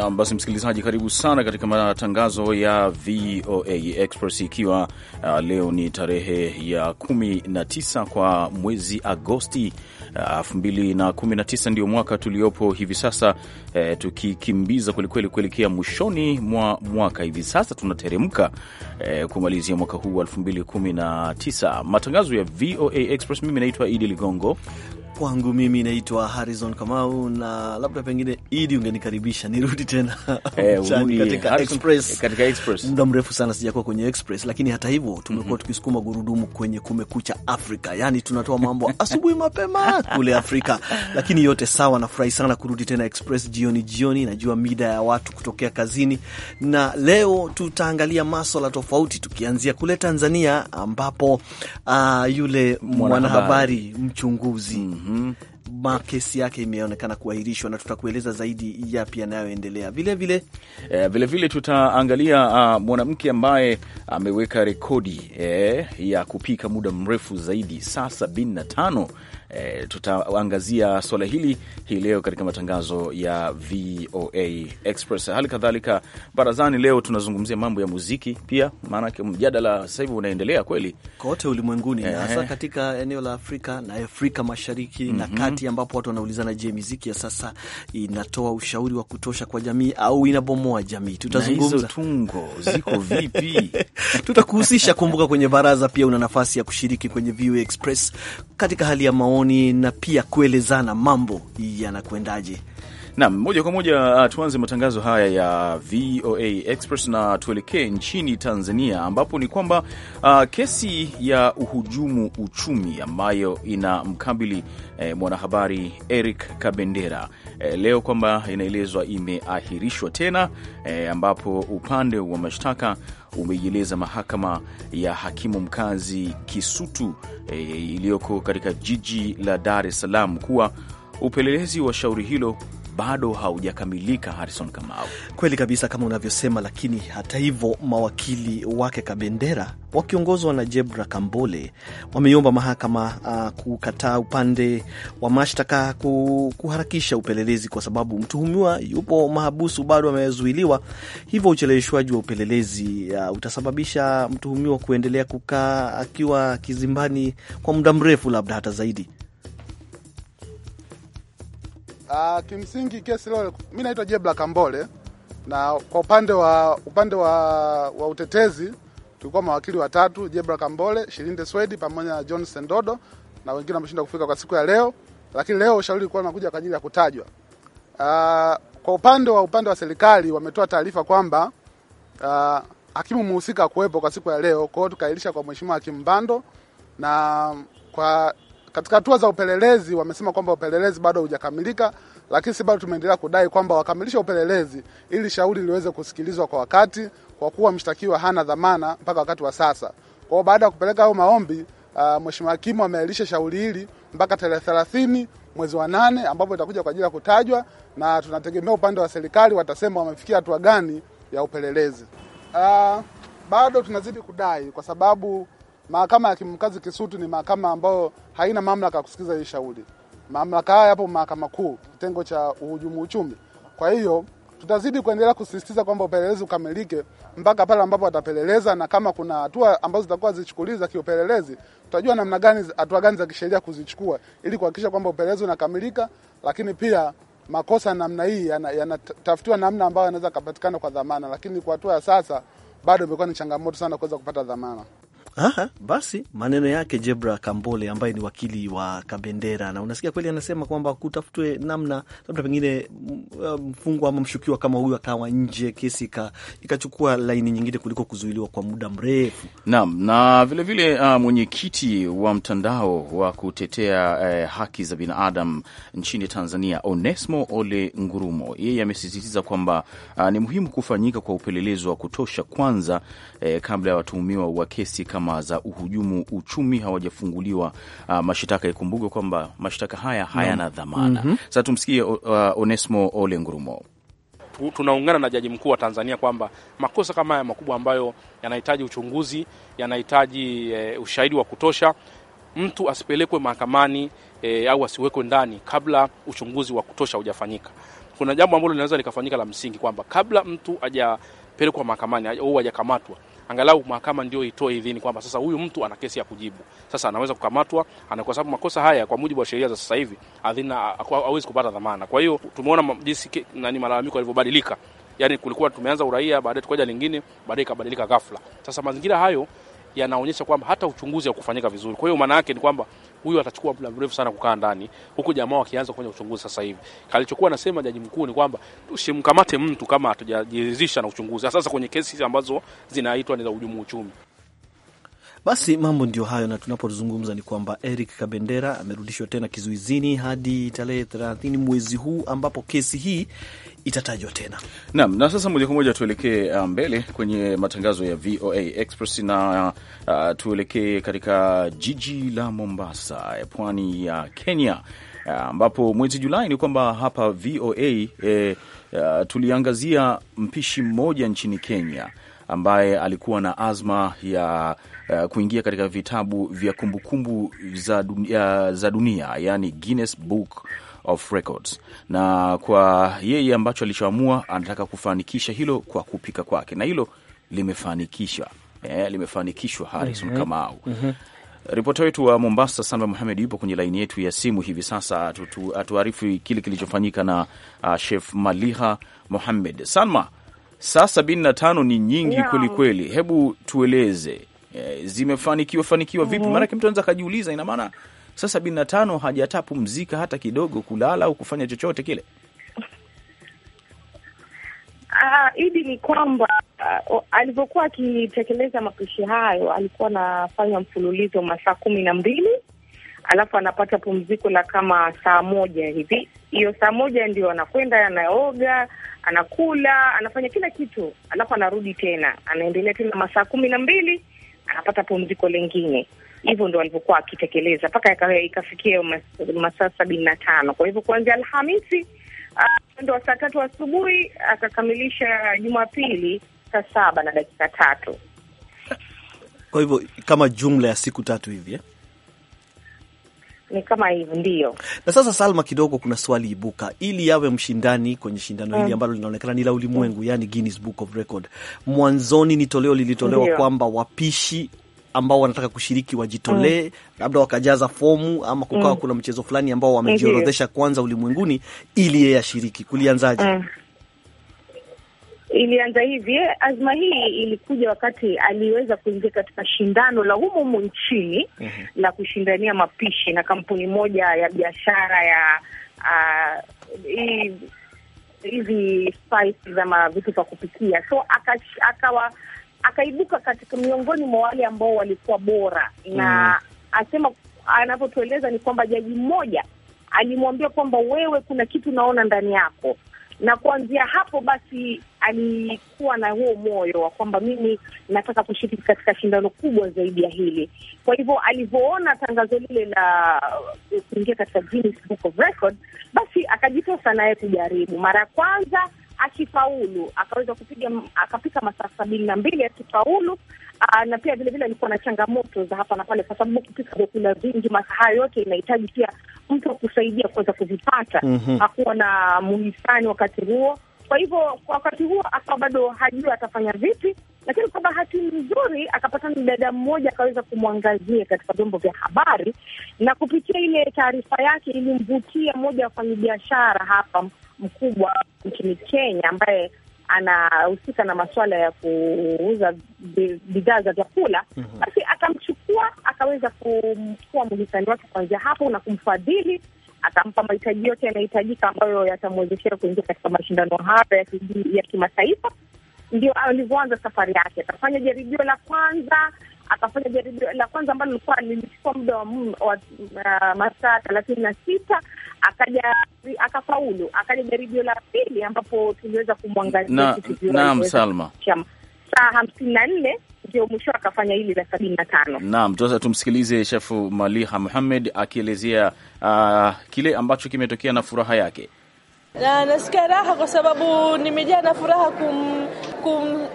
Nam, basi msikilizaji, karibu sana katika matangazo ya VOA Express, ikiwa uh, leo ni tarehe ya 19 kwa mwezi Agosti 2019, uh, ndio mwaka tuliopo hivi sasa, uh, tukikimbiza kwelikweli kuelekea mwishoni mwa mwaka. Hivi sasa tunateremka uh, kumalizia mwaka huu 2019. Matangazo ya VOA Express, mimi naitwa Idi Ligongo kwangu mimi naitwa Harrison Kamau, na labda pengine Idi ungenikaribisha nirudi tena eh, eh, Katika Express muda mrefu sana sijakuwa kwenye Express, lakini hata hivyo mhm. tumekuwa mm -hmm. tukisukuma gurudumu kwenye Kumekucha Afrika, yaani tunatoa mambo asubuhi mapema kule Afrika, lakini yote sawa. Nafurahi sana kurudi tena Express jioni jioni, najua mida ya watu kutokea kazini, na leo tutaangalia maswala tofauti, tukianzia kule Tanzania ambapo uh, yule mwanahabari mchunguzi mm -hmm mm -hmm. kesi yake imeonekana kuahirishwa, na tutakueleza zaidi yapi yanayoendelea vilevile. Eh, vilevile tutaangalia uh, mwanamke ambaye ameweka rekodi eh, ya kupika muda mrefu zaidi saa sabini na tano e, tutaangazia swala hili hii leo katika matangazo ya VOA Express. Hali kadhalika barazani, leo tunazungumzia mambo ya muziki pia, maanake mjadala sasa hivi unaendelea kweli kote ulimwenguni, hasa katika eneo la Afrika na Afrika Mashariki mm -hmm. na mhm. kati, ambapo watu wanaulizana, je, muziki ya sasa inatoa ushauri wa kutosha kwa jamii au inabomoa jamii? Tutazungumza tungo ziko vipi? tutakuhusisha. Kumbuka kwenye baraza pia una nafasi ya kushiriki kwenye VOA Express katika hali ya maoni maoni na pia kuelezana mambo yanakwendaje. Nam, moja kwa moja uh, tuanze matangazo haya ya VOA Express na tuelekee nchini Tanzania, ambapo ni kwamba uh, kesi ya uhujumu uchumi ambayo ina mkabili eh, mwanahabari Eric Kabendera eh, leo kwamba inaelezwa imeahirishwa tena eh, ambapo upande wa mashtaka umeieleza mahakama ya hakimu mkazi Kisutu e, iliyoko katika jiji la Dar es Salaam kuwa upelelezi wa shauri hilo bado haujakamilika, Harrison Kamau. Kweli kabisa kama unavyosema, lakini hata hivyo mawakili wake Kabendera wakiongozwa na Jebra Kambole wameiomba mahakama uh, kukataa upande wa mashtaka kuharakisha upelelezi kwa sababu mtuhumiwa yupo mahabusu bado amezuiliwa, hivyo ucheleweshwaji wa upelelezi uh, utasababisha mtuhumiwa kuendelea kukaa akiwa kizimbani kwa muda mrefu, labda hata zaidi. Uh, kimsingi kesi leo mimi naitwa Jebla Kambole na kwa upande wa upande wa, wa utetezi tulikuwa mawakili watatu Jebra Kambole, Shirinde Swedi pamoja na John Sendodo na wengine wameshinda kufika kwa siku ya leo, lakini leo ushauri ulikuwa unakuja kwa ajili ya kutajwa. Uh, kwa upande wa upande wa serikali wametoa taarifa kwamba uh, hakimu muhusika kuwepo kwa siku ya leo, kwa hiyo tukailisha kwa mheshimiwa hakimu Mbando na kwa katika hatua za upelelezi wamesema kwamba upelelezi bado hujakamilika, lakini sisi bado tumeendelea kudai kwamba wakamilishe upelelezi ili shauri liweze kusikilizwa kwa wakati, kwa kuwa mshtakiwa hana dhamana mpaka wakati wa sasa. Kwa baada ya kupeleka hayo maombi uh, mheshimiwa hakimu ameahirisha shauri hili mpaka tarehe 30 mwezi wa nane ambapo itakuja kwa ajili ya kutajwa, na tunategemea upande wa serikali watasema wamefikia hatua gani ya upelelezi. Uh, bado tunazidi kudai kwa sababu Mahakama ya kimkazi Kisutu ni mahakama ambayo haina mamlaka ya kusikiza hii shauri. Mamlaka haya yapo Mahakama Kuu, kitengo cha uhujumu uchumi. Kwa hiyo tutazidi kuendelea kusisitiza kwamba upelelezi ukamilike mpaka pale ambapo watapeleleza, na kama kuna hatua ambazo zitakuwa zichukuliwa za kiupelelezi, tutajua namna gani, hatua gani za kisheria kuzichukua ili kuhakikisha kwamba upelelezi unakamilika, lakini pia makosa namna hii yanatafutiwa yana namna ambayo yanaweza kupatikana kwa dhamana, lakini kwa hatua ya sasa bado imekuwa ni changamoto sana kuweza kupata dhamana. Aha, basi maneno yake Jebra Kambole ambaye ni wakili wa Kabendera, na unasikia kweli anasema kwamba kutafutwe namna labda pengine mm, uh, mfungwa ama mshukiwa kama huyu akawa nje, kesi ikachukua laini nyingine kuliko kuzuiliwa kwa muda mrefu. Naam, na vilevile vile, uh, mwenyekiti wa mtandao wa kutetea uh, haki za binadamu nchini Tanzania Onesmo Ole Ngurumo, yeye amesisitiza kwamba uh, ni muhimu kufanyika kwa upelelezi wa kutosha kwanza, uh, kabla ya watuhumiwa wa kesi kama tuhuma za uhujumu uchumi hawajafunguliwa uh, mashtaka. Ikumbuke kwamba mashtaka haya hayana no. dhamana mm -hmm. Sasa tumsikie uh, Onesmo Ole Ngurumo. Tunaungana na jaji mkuu wa Tanzania kwamba makosa kama haya makubwa ambayo yanahitaji uchunguzi, yanahitaji e, ushahidi wa kutosha, mtu asipelekwe mahakamani e, au asiwekwe ndani kabla uchunguzi wa kutosha hujafanyika. Kuna jambo ambalo linaweza likafanyika la msingi kwamba kabla mtu hajapelekwa mahakamani au hajakamatwa angalau mahakama ndio itoe idhini kwamba sasa huyu mtu ana kesi ya kujibu, sasa anaweza kukamatwa, ana kwa sababu makosa haya kwa mujibu wa sheria za sasa hivi adhina hawezi kupata dhamana. Kwa hiyo tumeona jinsi nani malalamiko yalivyobadilika, yani kulikuwa tumeanza uraia, baadaye tukaja lingine, baadaye ikabadilika ghafla. Sasa mazingira hayo yanaonyesha kwamba hata uchunguzi haukufanyika vizuri. Kwa hiyo maana yake ni kwamba huyu atachukua muda mrefu sana kukaa ndani, huku jamaa wakianza kufanya uchunguzi sasa hivi. Kalichokuwa anasema jaji mkuu ni kwamba tusimkamate mtu kama hatujajiridhisha na uchunguzi, sasa kwenye kesi ambazo zinaitwa ni za uhujumu uchumi. Basi mambo ndio hayo, na tunapozungumza ni kwamba Eric Kabendera amerudishwa tena kizuizini hadi tarehe 30 mwezi huu ambapo kesi hii itatajwa tena. Naam, na sasa moja kwa moja tuelekee uh, mbele kwenye matangazo ya VOA Express na uh, tuelekee katika jiji la Mombasa, pwani ya Kenya uh, ambapo mwezi Julai ni kwamba hapa VOA eh, uh, tuliangazia mpishi mmoja nchini Kenya ambaye alikuwa na azma ya uh, kuingia katika vitabu vya kumbukumbu za dunia, za dunia yani Guinness Book of Records. Na kwa yeye ambacho alichoamua, anataka kufanikisha hilo kwa kupika kwake, na hilo limefanikishwa eh, limefanikishwa Harrison mm -hmm. Kamau mm -hmm. Ripota wetu wa Mombasa, Salma Muhamed, yupo kwenye laini yetu ya simu hivi sasa, atuarifu kile kilichofanyika na uh, ah, Shef Maliha Muhamed. Salma, saa sabini na tano ni nyingi kwelikweli, Hebu tueleze Eh, zimefanikiwa fanikiwa vipi? Mhm. Maanake mtu anaweza akajiuliza, ina maana saa sabini na tano hajatapumzika hata kidogo, kulala au kufanya chochote kile. Uh, idi ni kwamba uh, alivyokuwa akitekeleza mapishi hayo alikuwa anafanya mfululizo masaa kumi na mbili alafu anapata pumziko la kama saa moja hivi. Hiyo saa moja ndio anakwenda anaoga, anakula, anafanya kila kitu, alafu anarudi tena, anaendelea tena masaa kumi na mbili akapata pumziko lengine. Hivyo ndo alivyokuwa akitekeleza mpaka ikafikia masaa sabini na tano. Kwa hivyo kuanzia Alhamisi ah, mwendo wa saa tatu asubuhi akakamilisha Jumapili saa saba na dakika tatu. Kwa hivyo kama jumla ya siku tatu hivi eh? ni kama hivi ndio. Na sasa, Salma, kidogo kuna swali ibuka, ili yawe mshindani kwenye shindano mm. hili ambalo linaonekana ni la ulimwengu, yani Guinness Book of Record. Mwanzoni ni toleo lilitolewa kwamba wapishi ambao wanataka kushiriki wajitolee mm. labda wakajaza fomu ama kukawa mm. kuna mchezo fulani ambao wamejiorodhesha kwanza ulimwenguni ili yeye ashiriki. Kulianzaje? mm ilianza hivi. Azma hii ilikuja wakati aliweza kuingia katika shindano la humo humo nchini mm -hmm. la kushindania mapishi na kampuni moja ya biashara ya hizi uh, spices ama vitu vya kupikia, so akawa akaibuka katika miongoni mwa wale ambao walikuwa bora na mm -hmm. asema anavyotueleza ni kwamba jaji mmoja alimwambia kwamba wewe, kuna kitu naona ndani yako na kuanzia hapo basi alikuwa na huo moyo wa kwamba mimi nataka kushiriki katika shindano kubwa zaidi ya hili. Kwa hivyo alivyoona tangazo lile la kuingia katika Guinness Book of Record, basi akajitosa naye kujaribu. Mara ya kwanza akifaulu, akaweza kupiga akapika masaa sabini na mbili akifaulu, Aa, ah, na pia vilevile alikuwa na changamoto za hapa na pale, kwa sababu kupika vyakula vingi, masaha yote inahitaji pia mtu akusaidia kuweza kuvipata. mm -hmm. Hakuwa na muhisani wakati huo, kwa hivyo kwa wakati huo akawa bado hajui atafanya vipi, lakini kwa bahati nzuri akapatana na dada mmoja akaweza kumwangazia katika vyombo vya habari, na kupitia ile taarifa yake ilimvutia mmoja wa wafanyabiashara hapa mkubwa nchini Kenya ambaye anahusika na masuala ya kuuza bidhaa za vyakula, mhm. basi akamchukua akaweza kumchukua mhisani wake kuanzia hapo na kumfadhili akampa mahitaji yote yanahitajika ambayo yatamwezeshea kuingia katika mashindano hayo ya kimataifa. Ndio alivyoanza safari yake. Akafanya jaribio la kwanza akafanya jaribio la kwanza ambalo lilikuwa lilichukua muda wa, uh, masaa thelathini na sita akaja akafaulu, akaja jaribio la pili ambapo tuliweza kumwangazia naam Salma saa hamsini na nne ndio mwisho akafanya hili la sabini na tano. Naam, sasa tumsikilize Shefu Maliha Muhamed akielezea uh, kile ambacho kimetokea na furaha yake na nasikia raha kwa sababu nimejaa na furaha kum, kum,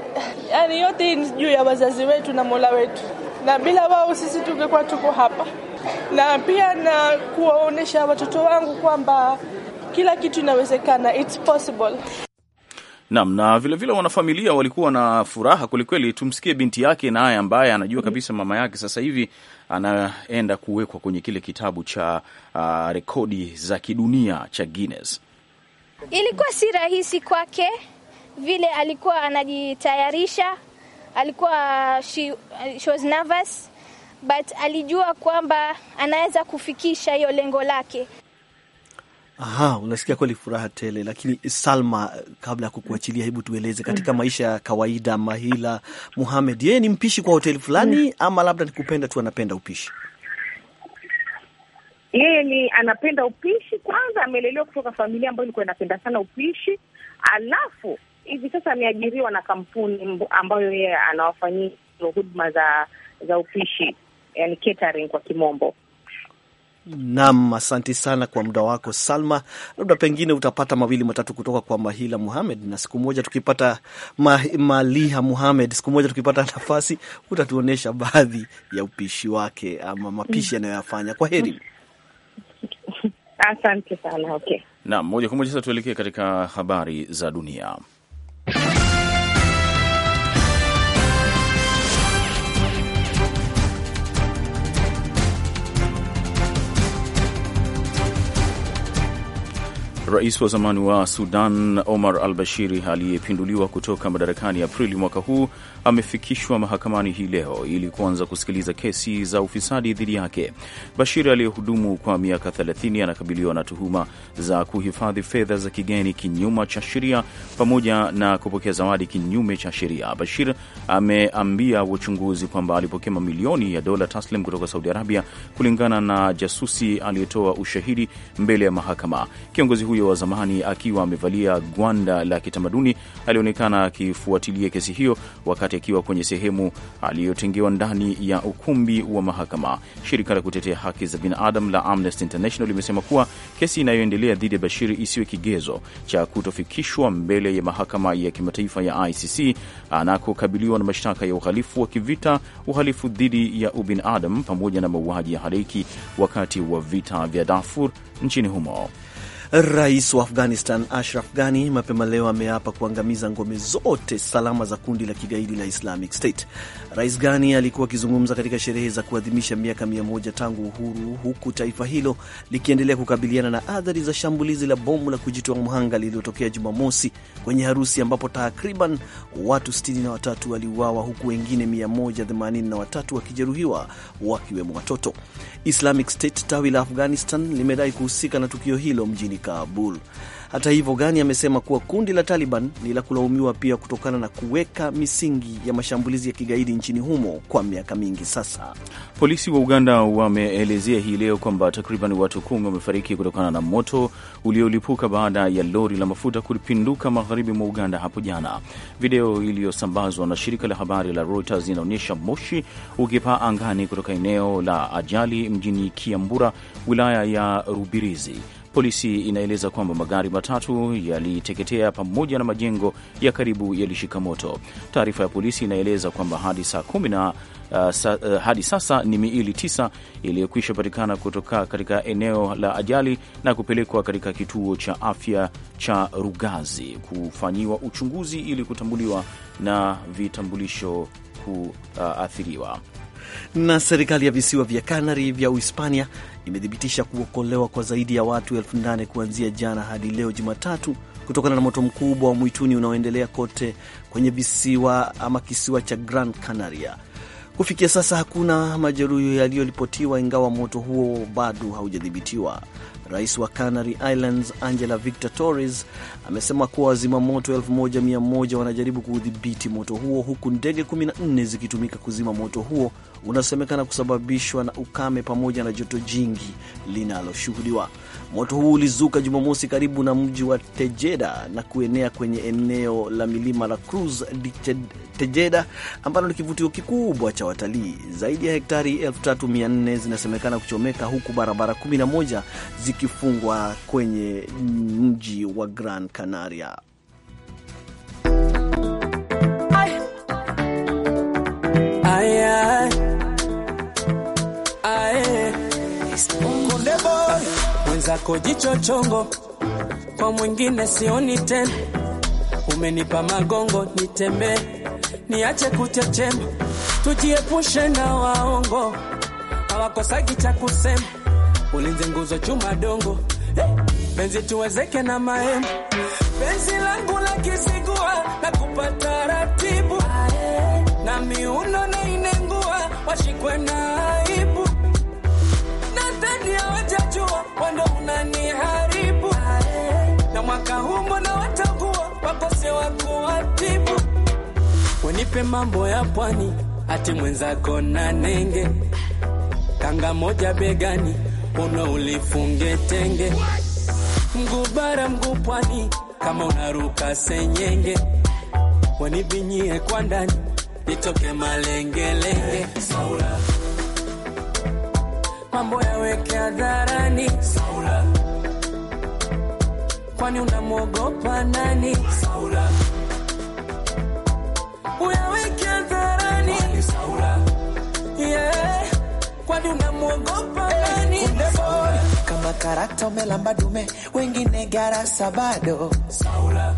yani yote ni juu ya wazazi wetu na Mola wetu, na bila wao sisi tungekuwa tuko hapa, na pia na kuwaonyesha watoto wangu kwamba kila kitu inawezekana, it's possible. Naam, na vilevile wanafamilia walikuwa na furaha kwelikweli. Tumsikie binti yake naye, ambaye anajua mm-hmm. kabisa mama yake sasa hivi anaenda kuwekwa kwenye kile kitabu cha uh, rekodi za kidunia cha Guinness. Ilikuwa si rahisi kwake vile alikuwa anajitayarisha, alikuwa she, she was nervous but alijua kwamba anaweza kufikisha hiyo lengo lake. Aha, unasikia kweli furaha tele. Lakini Salma, kabla ya kukuachilia, hebu tueleze katika mm. maisha ya kawaida, Mahila Muhamed yeye ni mpishi kwa hoteli fulani mm. ama labda ni kupenda tu anapenda upishi? yeye ni anapenda upishi kwanza. Amelelewa kutoka familia ambayo ilikuwa inapenda sana upishi, alafu hivi sasa ameajiriwa na kampuni ambayo yeye anawafanyia huduma za za upishi, yani catering kwa kimombo. Naam, asante sana kwa muda wako Salma. Labda pengine utapata mawili matatu kutoka kwa Mahila Muhamed, na siku moja tukipata ma, Maliha Muhamed, siku moja tukipata nafasi utatuonyesha baadhi ya upishi wake ama mapishi mm. anayoyafanya. Kwa heri. Asante sana. Okay, naam, moja kwa moja sasa tuelekee katika habari za dunia. Rais wa zamani wa Sudan Omar al Bashiri aliyepinduliwa kutoka madarakani Aprili mwaka huu amefikishwa mahakamani hii leo ili kuanza kusikiliza kesi za ufisadi dhidi yake. Bashiri aliyehudumu kwa miaka 30 anakabiliwa na tuhuma za kuhifadhi fedha za kigeni kinyuma cha sheria pamoja na kupokea zawadi kinyume cha sheria. Bashir ameambia wachunguzi kwamba alipokea mamilioni ya dola taslim kutoka Saudi Arabia, kulingana na jasusi aliyetoa ushahidi mbele ya mahakama. Kiongozi huyo wa zamani akiwa amevalia gwanda la kitamaduni alionekana akifuatilia kesi hiyo wakati akiwa kwenye sehemu aliyotengewa ndani ya ukumbi wa mahakama. Shirika la kutetea haki za binadamu la Amnesty International limesema kuwa kesi inayoendelea dhidi ya Bashir isiwe kigezo cha kutofikishwa mbele ya mahakama ya kimataifa ya ICC anakokabiliwa na mashtaka ya uhalifu wa kivita, uhalifu dhidi ya ubinadamu pamoja na mauaji ya halaiki wakati wa vita vya Darfur nchini humo. Rais wa Afghanistan Ashraf Ghani mapema leo ameapa kuangamiza ngome zote salama za kundi la kigaidi la Islamic State. Rais Ghani alikuwa akizungumza katika sherehe za kuadhimisha miaka mia moja tangu uhuru, huku taifa hilo likiendelea kukabiliana na athari za shambulizi la bomu la kujitoa mhanga lililotokea Jumamosi kwenye harusi ambapo takriban watu 63 waliuawa huku wengine 183 wakijeruhiwa wakiwemo watoto. Islamic State tawi la Afghanistan limedai kuhusika na tukio hilo mjini Kabul. Hata hivyo, Ghani amesema kuwa kundi la Taliban ni la kulaumiwa pia kutokana na kuweka misingi ya mashambulizi ya kigaidi nchini humo kwa miaka mingi sasa. Polisi wa Uganda wameelezea hii leo kwamba takriban watu kumi wamefariki kutokana na moto uliolipuka baada ya lori la mafuta kupinduka magharibi mwa Uganda hapo jana. Video iliyosambazwa na shirika la habari la Reuters inaonyesha moshi ukipaa angani kutoka eneo la ajali mjini Kiambura, wilaya ya Rubirizi. Polisi inaeleza kwamba magari matatu yaliteketea pamoja na majengo ya karibu yalishika moto. Taarifa ya polisi inaeleza kwamba hadi saa kumi na uh, sa, uh, hadi sasa ni miili tisa iliyokwisha patikana kutoka katika eneo la ajali na kupelekwa katika kituo cha afya cha Rugazi kufanyiwa uchunguzi ili kutambuliwa na vitambulisho kuathiriwa. Na serikali ya visiwa vya Kanari vya Uhispania imethibitisha kuokolewa kwa zaidi ya watu elfu nane kuanzia jana hadi leo Jumatatu kutokana na moto mkubwa wa mwituni unaoendelea kote kwenye visiwa ama kisiwa cha Gran Canaria. Kufikia sasa hakuna majeruhi yaliyoripotiwa, ingawa moto huo bado haujadhibitiwa. Rais wa Canary Islands Angela Victor Torres amesema kuwa wazima moto 1100 wanajaribu kuudhibiti moto huo, huku ndege 14 zikitumika kuzima moto huo unasemekana kusababishwa na ukame pamoja na joto jingi linaloshuhudiwa. Moto huu ulizuka Jumamosi karibu na mji wa Tejeda na kuenea kwenye eneo la milima la Cruz di Tejeda ambalo ni kivutio kikubwa cha watalii. Zaidi ya hektari 3400 zinasemekana kuchomeka huku barabara 11 zikifungwa kwenye mji wa Gran Canaria. zako jicho chongo, kwa mwingine sioni tena. Umenipa magongo nitembee, niache kuchechema. Tujiepushe na waongo, hawakosagi cha kusema. Ulinze nguzo chuma dongo, hey! Eh, Benzi tuwezeke na mahema. Penzi langu la kisigua na kupata ratibu na miuno na inengua, washikwe na aibu nadhani wananiharibu na mwaka huu mbona watakuwa wakose wa kuwatibu. Wenipe mambo ya pwani, ati mwenzako na nenge kanga moja begani, una ulifunge tenge mguu bara mguu pwani, kama unaruka senyenge wanivinyie kwa ndani nitoke malengelenge Saula mambo yaweke hadharani, Saula, kwani unamwogopa nani? Saula, uyaweke hadharani, Saula, yeah, kwani unamwogopa nani? Kama karakta umelamba dume, wengine garasa bado Saula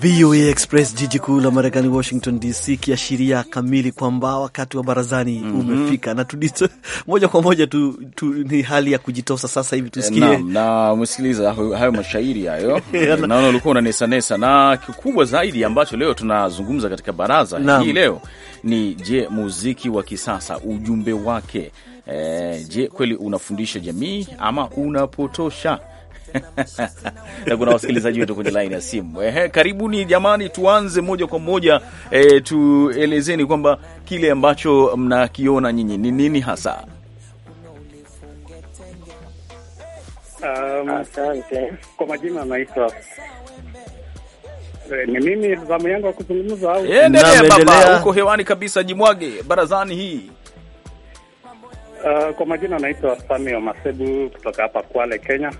VOA Express, jiji kuu la Marekani, Washington DC, kiashiria kamili kwamba wakati wa barazani mm -hmm. umefika na tudito, moja kwa moja tu, tu, ni hali ya kujitosa sasa hivi tusikie na, na umesikiliza hayo mashairi hayo eh, naona ulikuwa unanesanesa na kikubwa zaidi ambacho leo tunazungumza katika baraza hii leo ni je, muziki wa kisasa ujumbe wake, eh, je kweli unafundisha jamii ama unapotosha? na kuna wasikilizaji wetu kwenye line ya simu. Ehe, karibuni jamani, tuanze moja kwa moja e, tuelezeni kwamba kile ambacho mnakiona nyinyi ni nini hasa? Um, asante. Kwa majina anaitwa eh, ni mimi, zamu yangu ya kuzungumza au endelea? Baba uko hewani kabisa, jimwage barazani hii. Uh, kwa majina anaitwa Samio Masebu kutoka hapa Kwale, Kenya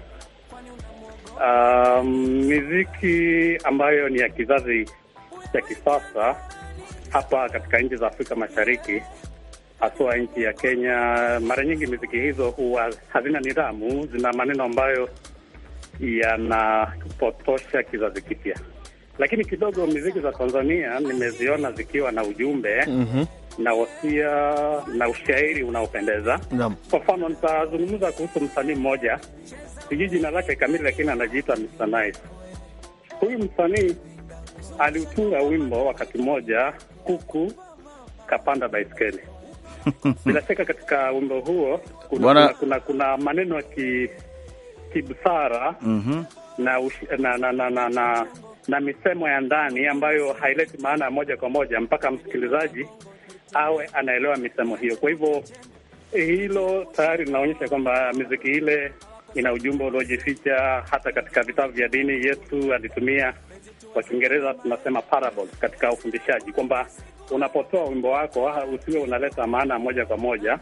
um, miziki ambayo ni ya kizazi cha kisasa hapa katika nchi za Afrika Mashariki, haswa nchi ya Kenya, mara nyingi miziki hizo huwa hazina nidhamu, zina maneno ambayo yanapotosha kizazi kipya. Lakini kidogo miziki za Tanzania nimeziona zikiwa na ujumbe mm -hmm na wasia na ushairi unaopendeza. Kwa mfano, nitazungumza kuhusu msanii mmoja sijui jina lake kamili, lakini anajiita Mr Nice. Huyu msanii aliutunga wimbo wakati mmoja, kuku kapanda baiskeli. Bila shaka katika wimbo huo kuna, Wana... kuna, kuna, kuna maneno ya ki, kibusara mm -hmm. na, na, na, na, na, na na misemo ya ndani ambayo haileti maana ya moja kwa moja mpaka msikilizaji awe anaelewa misemo hiyo. Kwa hivyo hilo tayari linaonyesha kwamba miziki ile ina ujumbe uliojificha hata katika vitabu vya dini. Yesu alitumia kwa Kiingereza tunasema parables katika ufundishaji, kwamba unapotoa wimbo wako usiwe unaleta maana moja kwa moja,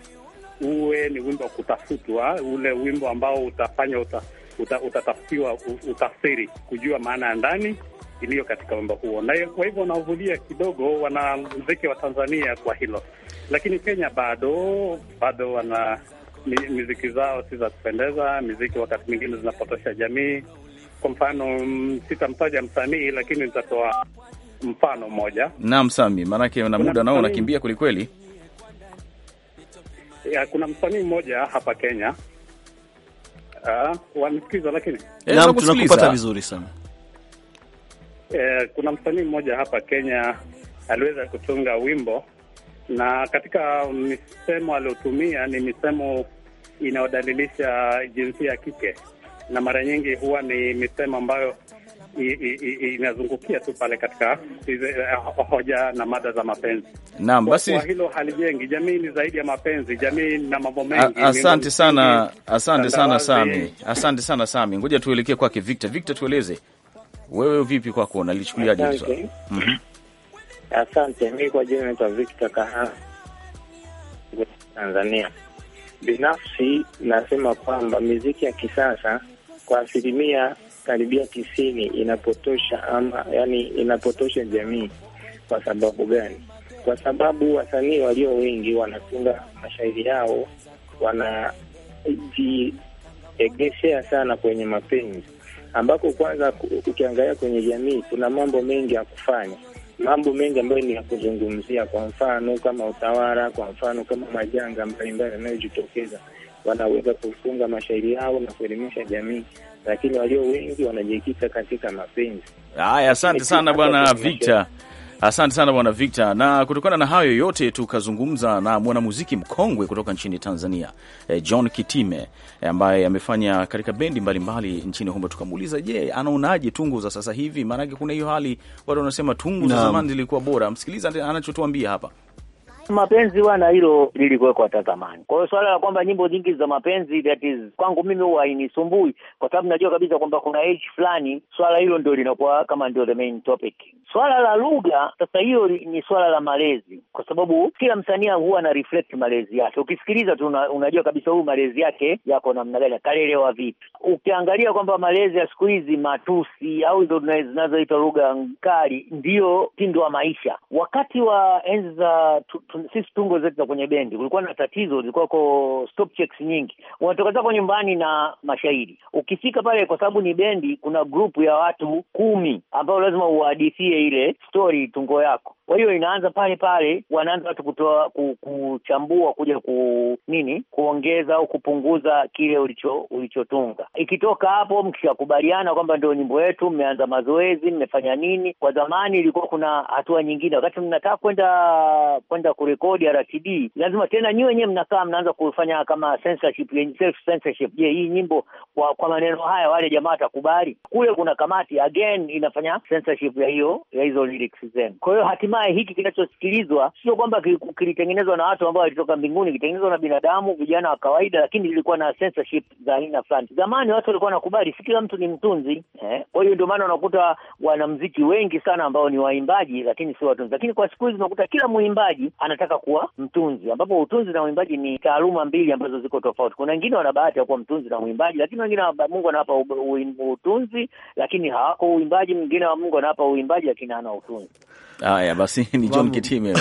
uwe ni wimbo wa kutafutwa, ule wimbo ambao utafanya uta, uta, utatafutiwa utafsiri, kujua maana ya ndani iliyo katika wimbo huo, na kwa hivyo wanaovulia kidogo wanamziki wa Tanzania kwa hilo, lakini Kenya bado bado wana miziki zao si za kupendeza, miziki wakati mwingine zinapotosha jamii. Kwa mfano, mm, sitamtaja msanii, lakini nitatoa mfano mmoja. Naam, Sami, maanake na muda nao unakimbia kwelikweli. Ya, kuna msanii mmoja hapa Kenya uh, wanisikiza lakini eh, na, tunakupata vizuri sana. e, eh, kuna msanii mmoja hapa Kenya aliweza kutunga wimbo na katika misemo aliyotumia ni misemo inayodalilisha jinsia ya kike, na mara nyingi huwa ni misemo ambayo inazungukia tu pale katika eh, eh, hoja na mada za mapenzi. Naam, basi kwa hilo halijengi jamii, ni zaidi ya mapenzi, jamii na mambo mengi. Asante sana, asante sana Sami, asante sana Sami. Ngoja tuelekee kwake Victor. Victor, tueleze wewe vipi kwako, nalichukuliaje? Asante. Mi kwa jina naitwa Victor Kaha, Tanzania. Binafsi nasema kwamba miziki ya kisasa kwa asilimia karibia tisini inapotosha ama, yani inapotosha jamii. Kwa sababu gani? Kwa sababu wasanii walio wengi wanatunga mashairi yao, wanajiegeshea sana kwenye mapenzi, ambako kwanza ukiangalia kwenye jamii kuna mambo mengi ya kufanya mambo mengi ambayo ni ya kuzungumzia, kwa mfano kama utawala, kwa mfano kama majanga mbalimbali yanayojitokeza, wanaweza kufunga mashairi yao na kuelimisha jamii, lakini walio wengi wanajikita katika mapenzi haya. Asante sana Bwana Victor. Asante sana bwana Victor, na kutokana na hayo yote tukazungumza na mwanamuziki mkongwe kutoka nchini Tanzania eh, John Kitime eh, ambaye amefanya katika bendi mbalimbali mbali nchini humo. Tukamuuliza, je, anaonaje tungu za sasa hivi? Maanake kuna hiyo hali watu wanasema tungu za zamani zilikuwa bora. Msikiliza anachotuambia hapa mapenzi wana hilo lilikuwekwa hata zamani. Kwa hiyo swala la kwamba nyimbo nyingi za mapenzi that is kwangu mimi huwa hainisumbui, kwa sababu najua kabisa kwamba kuna age fulani swala hilo ndio linakuwa kama ndio the main topic. Swala la lugha sasa, hiyo ni swala la malezi, kwa sababu kila msanii huwa ana reflect malezi yake. Ukisikiliza tu una, unajua kabisa huyu malezi yake yako namna gani, kalelewa vipi. Ukiangalia kwamba malezi ya siku hizi matusi au hizo zinazoitwa lugha kali ndiyo mtindo wa maisha, wakati wa enzi za sisi tungo zetu za kwenye bendi kulikuwa na tatizo, zilikuwa ko stop checks nyingi, unatoka zako nyumbani na mashahidi. Ukifika pale, kwa sababu ni bendi, kuna grupu ya watu kumi ambao lazima uhadithie ile stori tungo yako. Kwa hiyo inaanza pale pale, wanaanza watu kutoa kuchambua kuja ku nini kuongeza au kupunguza kile ulicho ulichotunga. Ikitoka hapo, mkishakubaliana kwamba ndio nyimbo yetu, mmeanza mazoezi, mmefanya nini. Kwa zamani ilikuwa kuna hatua nyingine, wakati mnataka kwenda kwenda kurekodi RTD, lazima tena nyi wenyewe mnakaa mnaanza kufanya kama censorship, self censorship. Je, hii nyimbo kwa, kwa maneno haya wale jamaa watakubali? Kule kuna kamati again inafanya censorship ya hiyo ya hizo lyrics zenu. Kwa hiyo hatimaye kama hiki kinachosikilizwa sio kwamba kilitengenezwa na watu ambao walitoka mbinguni, kilitengenezwa na binadamu, vijana wa kawaida, lakini lilikuwa na censorship za aina fulani. Zamani watu walikuwa wanakubali, si kila mtu ni mtunzi eh. Kwa hiyo ndio maana unakuta wanamziki wengi sana ambao ni waimbaji, lakini sio watunzi. Lakini kwa siku hizi unakuta kila mwimbaji anataka kuwa mtunzi, ambapo utunzi na uimbaji ni taaluma mbili ambazo ziko tofauti. Kuna wengine wana bahati ya kuwa mtunzi na mwimbaji, lakini wengine Mungu anawapa utunzi, lakini hawako uimbaji. Mwingine wa Mungu anawapa uimbaji, lakini hana utunzi. Haya basi basi ni John Kitime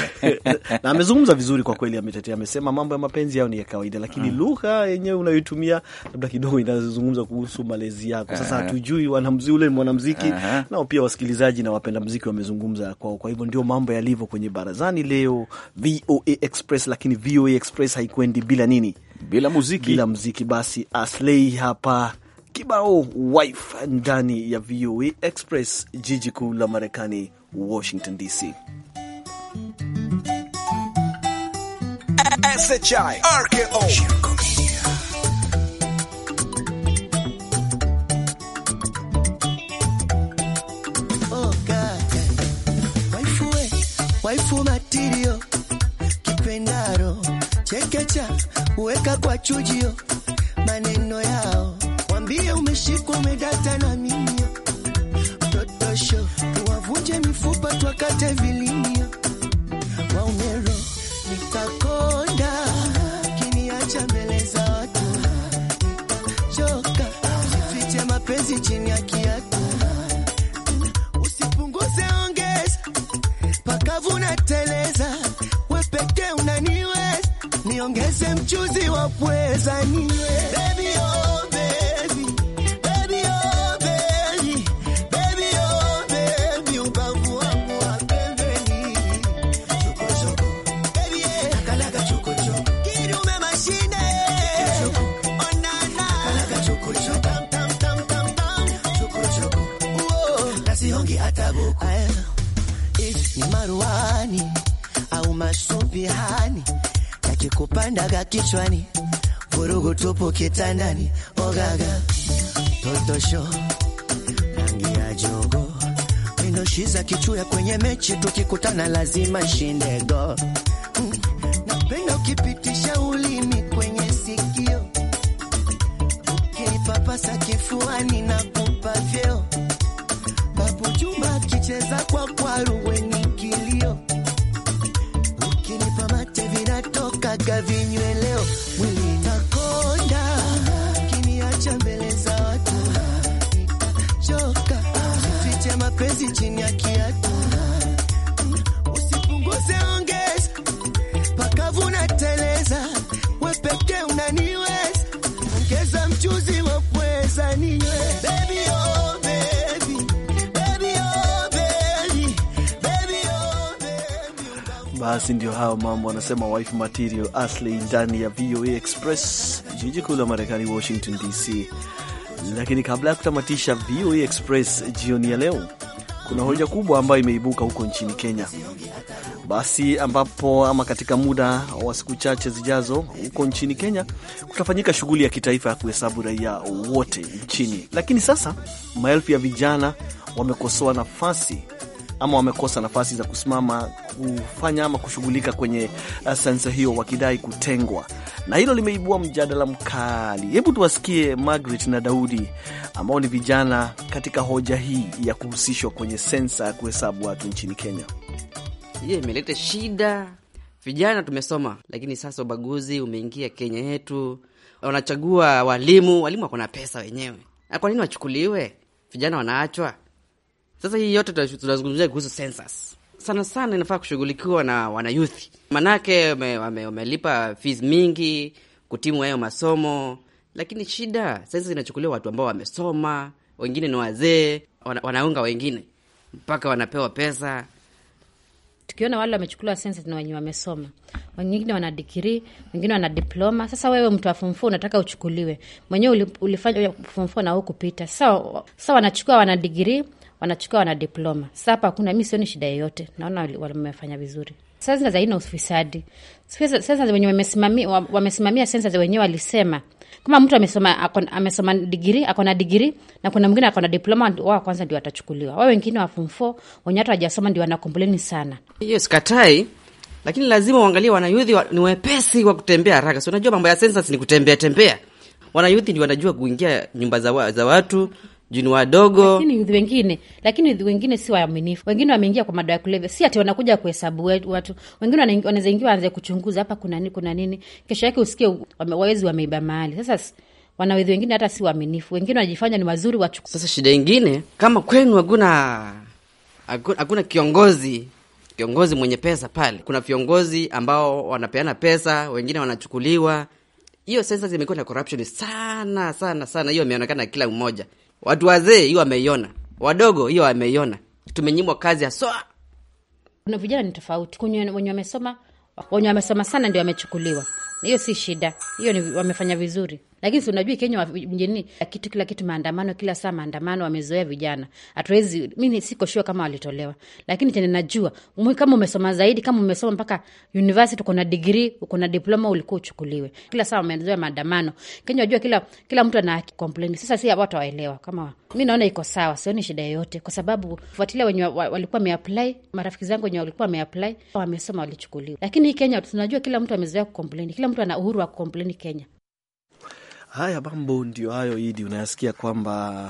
na amezungumza vizuri kwa kweli, ametetea, amesema mambo ya mapenzi yao ni ya kawaida, lakini mm. lugha yenyewe unayoitumia labda kidogo inazungumza kuhusu malezi yako. Sasa hatujui wanamzi ule mwanamziki nao pia wasikilizaji na wapenda mziki wamezungumza kwao. Kwa hivyo ndio mambo yalivyo kwenye barazani leo VOA Express, lakini VOA Express haikwendi bila nini? Bila muziki, bila muziki. Basi Aslei hapa kibao wife ndani ya VOA Express, jiji kuu la Marekani Washington DC. Oh, waifu matirio chekecha uweka kwa chujio maneno yao wambie umeshikwa umedata na nikate vilio waumero nitakonda kiniacha mbele za watu nitachoka jifiche mapenzi chini ya kiatu usipunguze ongeza pakavuna teleza wepeke unaniweza niongeze mchuzi wa pweza niwe gaga kichwani, vurugu tupu kitandani, ogaga totosho rangi ya jogo windoshiza kichuya kwenye mechi, tukikutana lazima shinde go hmm, Napenda ukipitisha ulimi kwenye sikio, ukipapasa kifuani na kupa vyeo, babu Juma akicheza kwa kwaru piga vinywe leo, mwili kiniacha mbele za watu, nitachoka, jifiche mapenzi chini ya kiatu Basi ndio hao mambo, anasema wife material asli, ndani ya VOA Express, jiji kuu la Marekani, Washington DC. Lakini kabla ya kutamatisha VOA Express jioni ya leo, kuna hoja kubwa ambayo imeibuka huko nchini Kenya. Basi ambapo ama katika muda wa siku chache zijazo, huko nchini Kenya kutafanyika shughuli ya kitaifa ya kuhesabu raia wote nchini. Lakini sasa maelfu ya vijana wamekosoa nafasi ama wamekosa nafasi za kusimama kufanya ama kushughulika kwenye uh, sensa hiyo, wakidai kutengwa, na hilo limeibua mjadala mkali. Hebu tuwasikie Margaret na Daudi ambao ni vijana katika hoja hii ya kuhusishwa kwenye sensa ya kuhesabu watu nchini Kenya. Hiyo imeleta shida. Vijana tumesoma, lakini sasa ubaguzi umeingia Kenya yetu. Wanachagua walimu, walimu wako na pesa wenyewe, na kwa nini wachukuliwe? Vijana wanaachwa sasa hii yote tunazungumzia kuhusu census sana sana inafaa kushughulikiwa na wanayuthi, manake wamelipa fees mingi kutimu hayo masomo, lakini shida sasa inachukuliwa watu ambao wamesoma, wengine ni wazee, wanaunga wengine mpaka wanapewa pesa. Tukiona wale wamechukuliwa sensa na wenye wamesoma, wengine wana digrii, wengine wana diploma. Sasa wewe mtu wa form four unataka uchukuliwe, mwenyewe ulifanya form four na hukupita, sasa wanachukua wana digrii wanachukua wana diploma. sapa, hapa hakuna, mi sioni shida yoyote, naona wamefanya vizuri. Sensa za ina ufisadi, sensa wenye wamesimamia sensa za wenyewe walisema kama mtu amesoma amesoma digiri ako na digiri na kuna mwingine ako na diploma, wao kwanza ndio watachukuliwa. Wao wengine wa form four wenye hata wajasoma ndio wanakompleni sana. Hiyo sikatai, lakini lazima uangalie wanayuthi wa, ni wepesi wa kutembea haraka. Si unajua mambo ya sensa ni kutembea tembea. Wanayuthi ndio wanajua kuingia nyumba za, wa, za watu juni wadogo, lakini yudhi wengine, lakini yudhi wengine si waaminifu. Wengine wameingia kwa madawa ya kulevya, si ati wanakuja kuhesabu watu. Wengine wanaweza ingia, wanaanza kuchunguza hapa kuna nini, kuna nini, kesho yake usikie wawezi wameiba mali. Sasa wanawezi wengine hata si waaminifu, wengine wanajifanya ni wazuri wachukua. Sasa shida ingine, kama kwenu hakuna hakuna kiongozi kiongozi mwenye pesa pale, kuna viongozi ambao wanapeana pesa, wengine wanachukuliwa. Hiyo sensa imekuwa na corruption sana sana sana, hiyo imeonekana kila mmoja Watu wazee hiyo wameiona, wadogo hiyo wameiona, tumenyimwa kazi haswa. Kuna vijana ni tofauti, wenye wamesoma, wenye wamesoma sana ndio wamechukuliwa. Hiyo si shida, hiyo ni wamefanya vizuri. Lakini si unajua Kenya mjini kitu kila kitu maandamano, kila saa maandamano, wamezoea vijana. Hatuwezi, mi siko sure kama walitolewa, lakini tena najua kama umesoma zaidi, kama umesoma mpaka university, uko na degree, uko na diploma, ulikuwa uchukuliwe. Kila saa wamezoea maandamano Kenya, wajua kila kila mtu ana complain. Sasa si watu waelewa, kama mi naona iko sawa, sioni shida yoyote, kwa sababu fuatilia wenye walikuwa wameapply, marafiki zangu wenye walikuwa wameapply, wamesoma, walichukuliwa. Lakini hii Kenya tunajua kila mtu amezoea kucomplain, kila mtu ana uhuru wa kucomplain Kenya. Haya mambo ndio hayo, Idi, unayasikia kwamba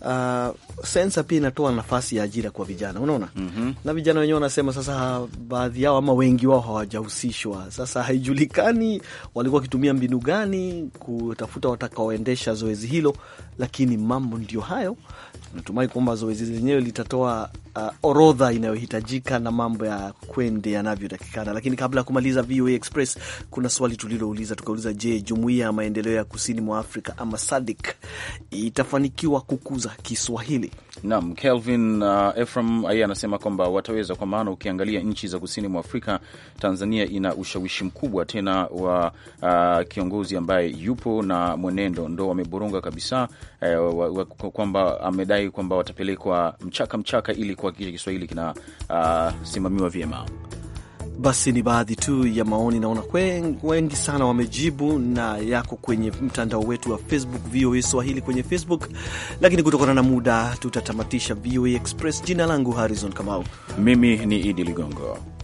uh, sensa pia inatoa nafasi ya ajira kwa vijana, unaona mm -hmm. na vijana wenyewe wanasema sasa, baadhi yao ama wengi wao hawajahusishwa. Sasa haijulikani walikuwa wakitumia mbinu gani kutafuta watakaoendesha zoezi hilo, lakini mambo ndio hayo Natumai kwamba zoezi lenyewe litatoa uh, orodha inayohitajika na mambo ya kwende yanavyotakikana. Lakini kabla ya kumaliza VOA Express, kuna swali tulilouliza tukauliza, je, jumuiya ya maendeleo ya kusini mwa Afrika ama SADC itafanikiwa kukuza Kiswahili? Naam, Kelvin uh, Efram yeye anasema kwamba wataweza, kwa maana ukiangalia nchi za kusini mwa Afrika, Tanzania ina ushawishi mkubwa tena wa uh, kiongozi ambaye yupo na mwenendo ndo wameboronga kabisa uh, wa, kwamba amedai kwamba watapelekwa mchaka mchaka ili kuhakikisha Kiswahili kinasimamiwa uh, vyema. Basi ni baadhi tu ya maoni, naona wengi sana wamejibu na yako kwenye mtandao wetu wa Facebook, VOA Swahili kwenye Facebook. Lakini kutokana na muda, tutatamatisha VOA Express. Jina langu Harrison Kamau, mimi ni Idi Ligongo.